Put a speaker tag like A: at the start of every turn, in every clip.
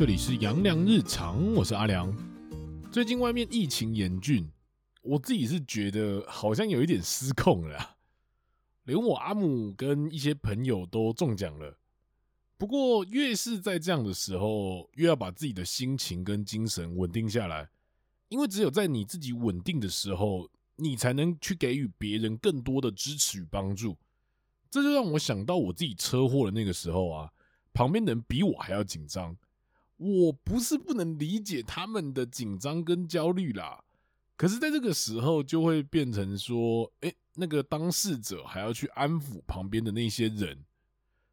A: 這裡是洋洋日常，我是阿良。最近外面疫情嚴峻，我自己是覺得好像有一點失控了啊，連我阿母跟一些朋友都中獎了。不過越是在這樣的時候，越要把自己的心情跟精神穩定下來，因為只有在你自己穩定的時候，你才能去給予別人更多的支持與幫助。這就讓我想到我自己車禍的那個時候啊，旁邊的人比我還要緊張。我不是不能理解他們的緊張跟焦慮啦，可是，在這個時候就會變成說，哎，那個當事者還要去安撫旁邊的那些人，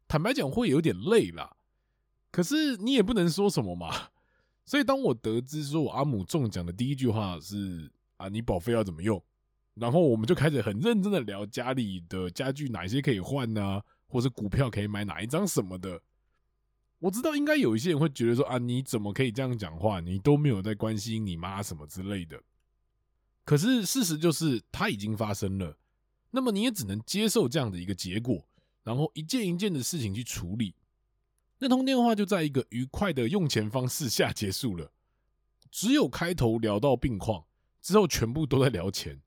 A: 坦白講會有點累啦。可是你也不能說什麼嘛，所以當我得知說我阿母中獎的第一句話是啊，你保費要怎麼用？然後我們就開始很認真的聊家裡的家具哪些可以換吶，或者股票可以買哪一張什麼的。我知道應該有一些人會覺得說啊，你怎麼可以這樣講話？你都沒有在關心你媽什麼之類的。可是事實就是它已經發生了，那麼你也只能接受這樣的一個結果，然後一件一件的事情去處理。那通電話就在一個愉快的用錢方式下結束了。只有開頭聊到病況，之後全部都在聊錢。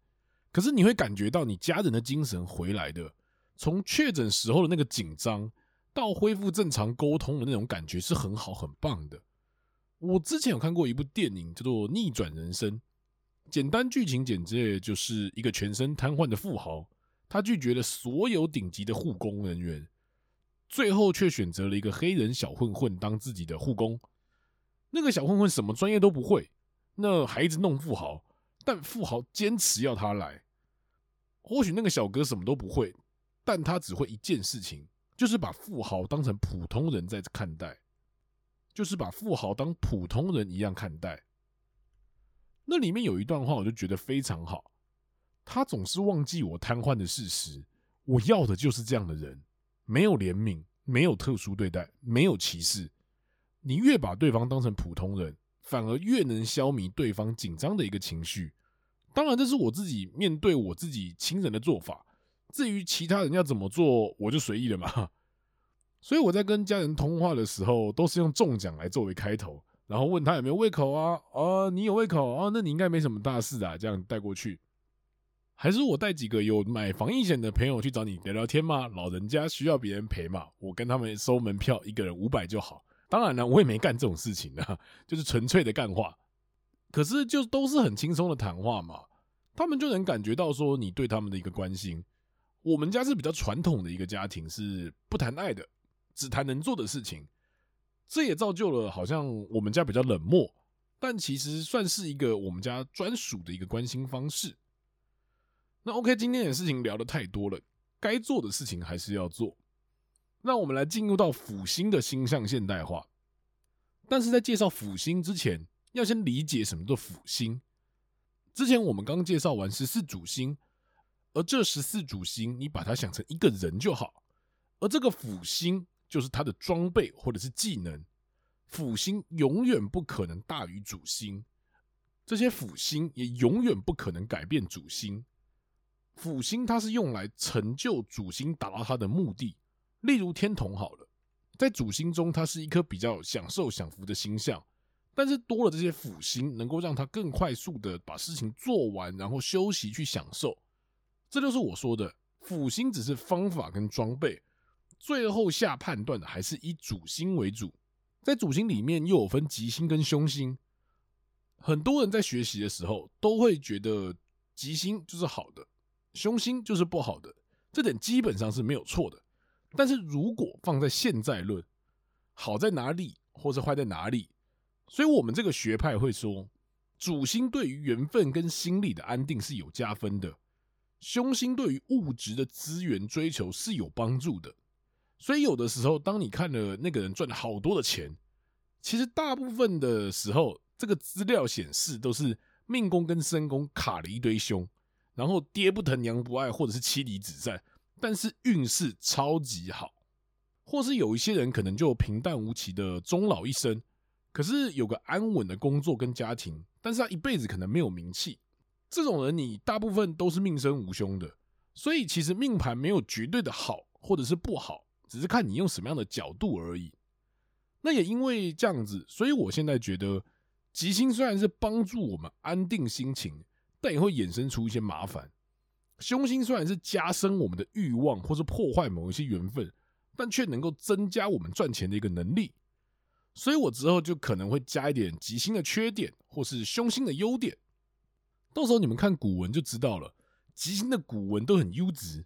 A: 可是你會感覺到你家人的精神回來的，從確診時候的那個緊張。到恢復正常溝通的那種感覺是很好很棒的。我之前有看過一部電影，叫做《逆轉人生》。簡單劇情簡介就是一個全身癱瘓的富豪，他拒絕了所有頂級的護工人員，最後卻選擇了一個黑人小混混當自己的護工。那個小混混什麼專業都不會，那還一直弄富豪，但富豪堅持要他來。或許那個小哥什麼都不會，但他只會一件事情。就是把富豪當成普通人在看待，就是把富豪當普通人一樣看待。那裡面有一段話，我就覺得非常好。他總是忘記我癱瘓的事實，我要的就是這樣的人，沒有憐憫，沒有特殊對待，沒有歧視。你越把對方當成普通人，反而越能消弭對方緊張的一個情緒。當然，這是我自己面對我自己親人的做法。至於其他人要怎麼做，我就隨意了嘛。所以我在跟家人通話的時候，都是用中獎來作為開頭，然後問他有沒有胃口啊？啊、哦，你有胃口啊、哦？那你應該沒什麼大事啊，這樣帶過去。還是我帶幾個有買防疫險的朋友去找你聊聊天嘛，老人家需要別人陪嘛？我跟他們收門票，一個人五百就好。當然了、啊，我也沒幹這種事情啊，就是純粹的幹話。可是就都是很輕鬆的談話嘛，他們就能感覺到說你對他們的一個關心。我們家是比較傳統的一個家庭，是不談愛的，只談能做的事情。這也造就了好像我們家比較冷漠，但其實算是一個我們家專屬的一個關心方式。那 OK，今天的事情聊得太多了，該做的事情還是要做。那我們來進入到輔星的星象現代化。但是在介紹輔星之前，要先理解什麼叫輔星。之前我們剛剛介紹完十四主星。而這十四主星，你把它想成一個人就好。而這個輔星就是他的裝備或者是技能，輔星永遠不可能大於主星，這些輔星也永遠不可能改變主星。輔星它是用來成就主星，達到它的目的。例如天同好了，在主星中它是一顆比較享受享福的星象，但是多了這些輔星，能夠讓他更快速的把事情做完，然後休息去享受。這就是我說的輔星，只是方法跟裝備，最後下判斷的還是以主星為主。在主星裡面又有分吉星跟凶星，很多人在學習的時候都會覺得吉星就是好的，凶星就是不好的，這點基本上是沒有錯的。但是如果放在現在論，好在哪裡，或是壞在哪裡？所以我們這個學派會說，主星對於緣分跟心理的安定是有加分的。凶星對於物質的資源追求是有幫助的，所以有的時候，當你看了那個人賺了好多的錢，其實大部分的時候，這個資料顯示都是命宮跟身宮卡了一堆凶，然後爹不疼娘不愛，或者是妻離子散，但是運勢超級好，或是有一些人可能就平淡無奇的終老一生，可是有個安穩的工作跟家庭，但是他一輩子可能沒有名氣。這種人，你大部分都是命生無凶的，所以其實命盤沒有絕對的好或者是不好，只是看你用什麼樣的角度而已。那也因為這樣子，所以我現在覺得吉星雖然是幫助我們安定心情，但也會衍生出一些麻煩；凶星雖然是加深我們的慾望，或是破壞某一些緣分，但卻能夠增加我們賺錢的一個能力。所以我之後就可能會加一點吉星的缺點，或是凶星的優點。到時候你們看古文就知道了，吉星的古文都很優質，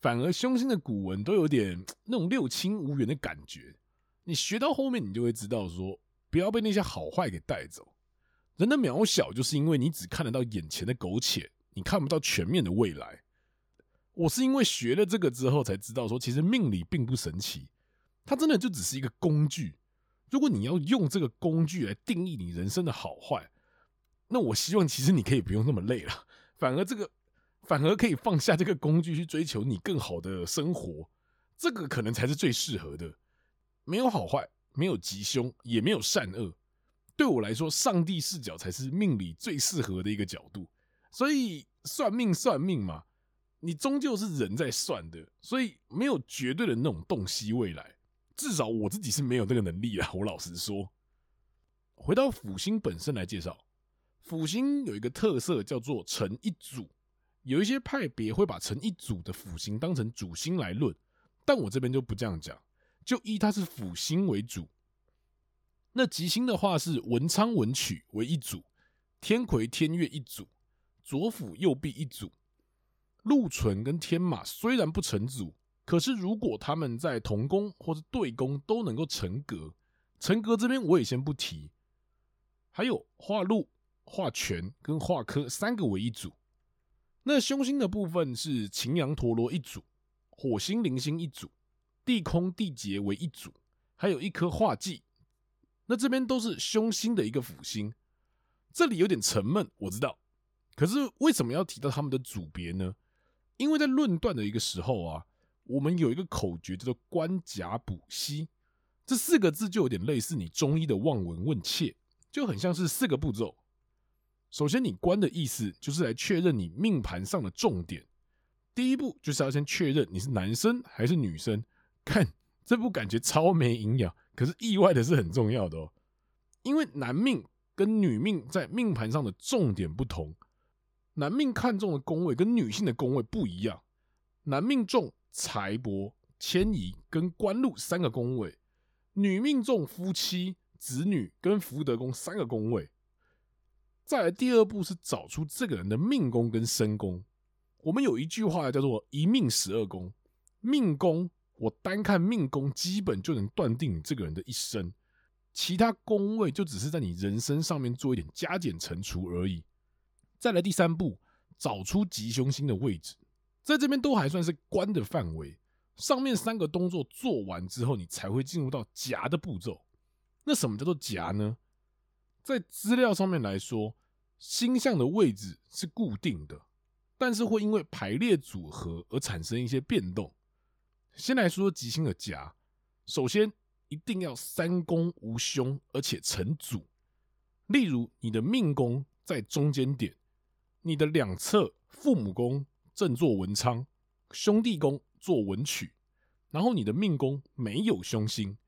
A: 反而凶星的古文都有點那種六親無緣的感覺。你學到後面，你就會知道說，不要被那些好壞給帶走。人的渺小，就是因為你只看得到眼前的苟且，你看不到全面的未來。我是因為學了這個之後，才知道說，其實命理並不神奇，它真的就只是一個工具。如果你要用這個工具來定義你人生的好壞，那我希望，其實你可以不用那麼累了，反而這個，反而可以放下這個工具去追求你更好的生活，這個可能才是最適合的。沒有好壞，沒有吉凶，也沒有善惡。對我來說，上帝視角才是命理最適合的一個角度。所以算命算命嘛，你終究是人在算的，所以沒有絕對的那種洞悉未來。至少我自己是沒有那個能力啦，我老實說。回到輔星本身來介紹。輔星有一個特色叫做成一組，有一些派別會把成一組的輔星當成主星來論，但我這邊就不這樣講，就依它是輔星為主。那吉星的話是文昌文曲為一組，天魁天鉞一組，左輔右弼一組。祿存跟天馬雖然不成組，可是如果他們在同宮或者對宮都能夠成格，成格這邊我也先不提。還有化祿。化權跟化科三個為一組，那凶星的部分是擎羊陀羅一組，火星鈴星一組，地空地劫為一組，還有一顆化忌。那這邊都是凶星的一個輔星，這裡有點沉悶，我知道。可是為什麼要提到他們的組別呢？因為在論斷的一個時候啊，我們有一個口訣叫做“觀甲補西”，這四個字就有點類似你中醫的望聞問切，就很像是四個步驟。首先，你官的意思就是來確認你命盤上的重點。第一步就是要先確認你是男生還是女生。看這步感覺超沒營養，可是意外的是很重要的哦、喔，因為男命跟女命在命盤上的重點不同。男命看中的宮位跟女性的宮位不一樣。男命中財帛、遷移跟官祿三個宮位，女命中夫妻、子女跟福德宮三個宮位。再來第二步是找出這個人的命宮跟身宮，我們有一句話叫做“一命十二宮”，命宮我單看命宮，基本就能斷定你這個人的一生，其他宮位就只是在你人生上面做一點加減乘除而已。再來第三步，找出吉凶星的位置，在這邊都還算是官的範圍。上面三個動作做完之後，你才會進入到夾的步驟。那什麼叫做夾呢？在資料上面來說。星象的位置是固定的，但是會因為排列組合而產生一些變動。先來說吉星的夾，首先一定要三宮無凶，而且成組。例如，你的命宮在中間點，你的兩側父母宮正坐文昌，兄弟宮坐文曲，然後你的命宮沒有凶星，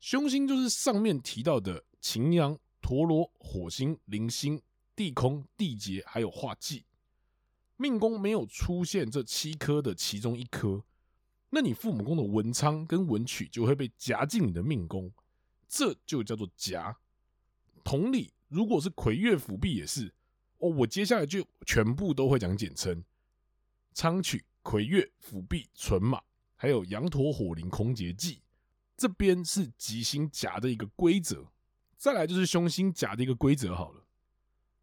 A: 凶星就是上面提到的擎羊、陀羅、火星、鈴星。地空、地劫還有化忌，命宮沒有出現這七顆的其中一顆，那你父母宮的文昌跟文曲就會被夾進你的命宮，這就叫做夾。同理，如果是魁月輔弼也是。哦，我接下來就全部都會講簡稱：昌曲、魁月、輔弼、純馬，還有羊駝、火靈、空劫忌。這邊是吉星夾的一個規則，再來就是凶星夾的一個規則。好了。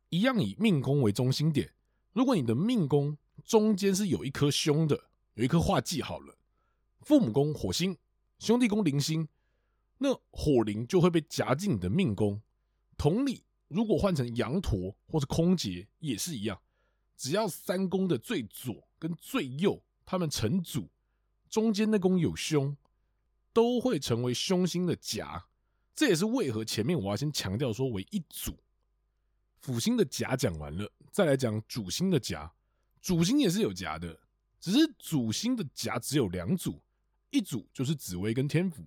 A: 一樣以命宮為中心點，如果你的命宮中間是有一顆凶的，有一顆化忌好了，父母宮火星，兄弟宮鈴星，那火鈴就會被夾進你的命宮。同理，如果換成羊陀或者空劫也是一樣，只要三宮的最左跟最右，他們成組，中間那宮有凶，都會成為凶星的夾。這也是為何前面我要先強調說為一組。輔星的夾講完了，再來講主星的夾。主星也是有夾的，只是主星的夾只有兩組，一組就是紫微跟天府，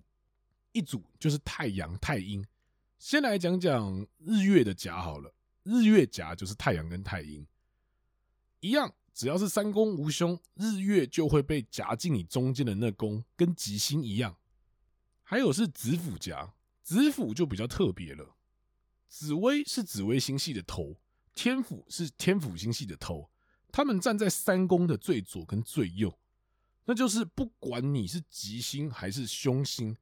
A: 一組就是太陽太陰。先來講講日月的夾好了，日月夾就是太陽跟太陰，一樣，只要是三宮無凶，日月就會被夾進你中間的那宮，跟吉星一樣。還有是紫府夾，紫府就比較特別了。紫微是紫微星系的頭，天府是天府星系的頭，他們站在三宮的最左跟最右，那就是不管你是吉星還是凶星，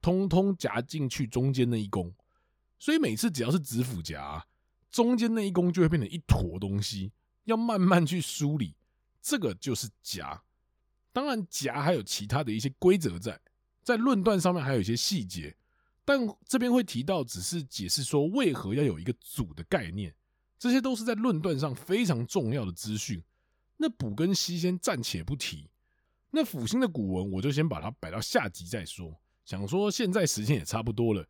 A: 通通夾進去中間那一宮，所以每次只要是紫府夾，中間那一宮就會變成一坨東西，要慢慢去梳理，這個就是夾。當然夾還有其他的一些規則在，在論斷上面還有一些細節。但這邊會提到，只是解釋說為何要有一個組的概念，這些都是在論斷上非常重要的資訊。那補跟西先暫且不提，那輔星的古文我就先把它擺到下集再說。想說現在時間也差不多了，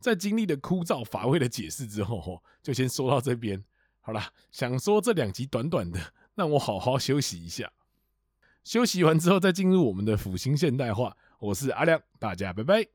A: 在經歷了枯燥乏味的解釋之後，就先說到這邊好啦，想說這兩集短短的，讓我好好休息一下。休息完之後再進入我們的輔星現代化。我是阿良，大家拜拜。